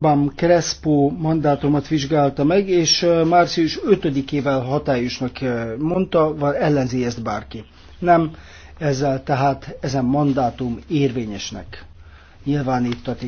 Bam Crespo mandátumot vizsgálta meg, és március 5-ével hatályosnak mondta, vagy ellenzi ezt bárki. Nem, ezzel tehát ezen mandátum érvényesnek nyilvánítatik.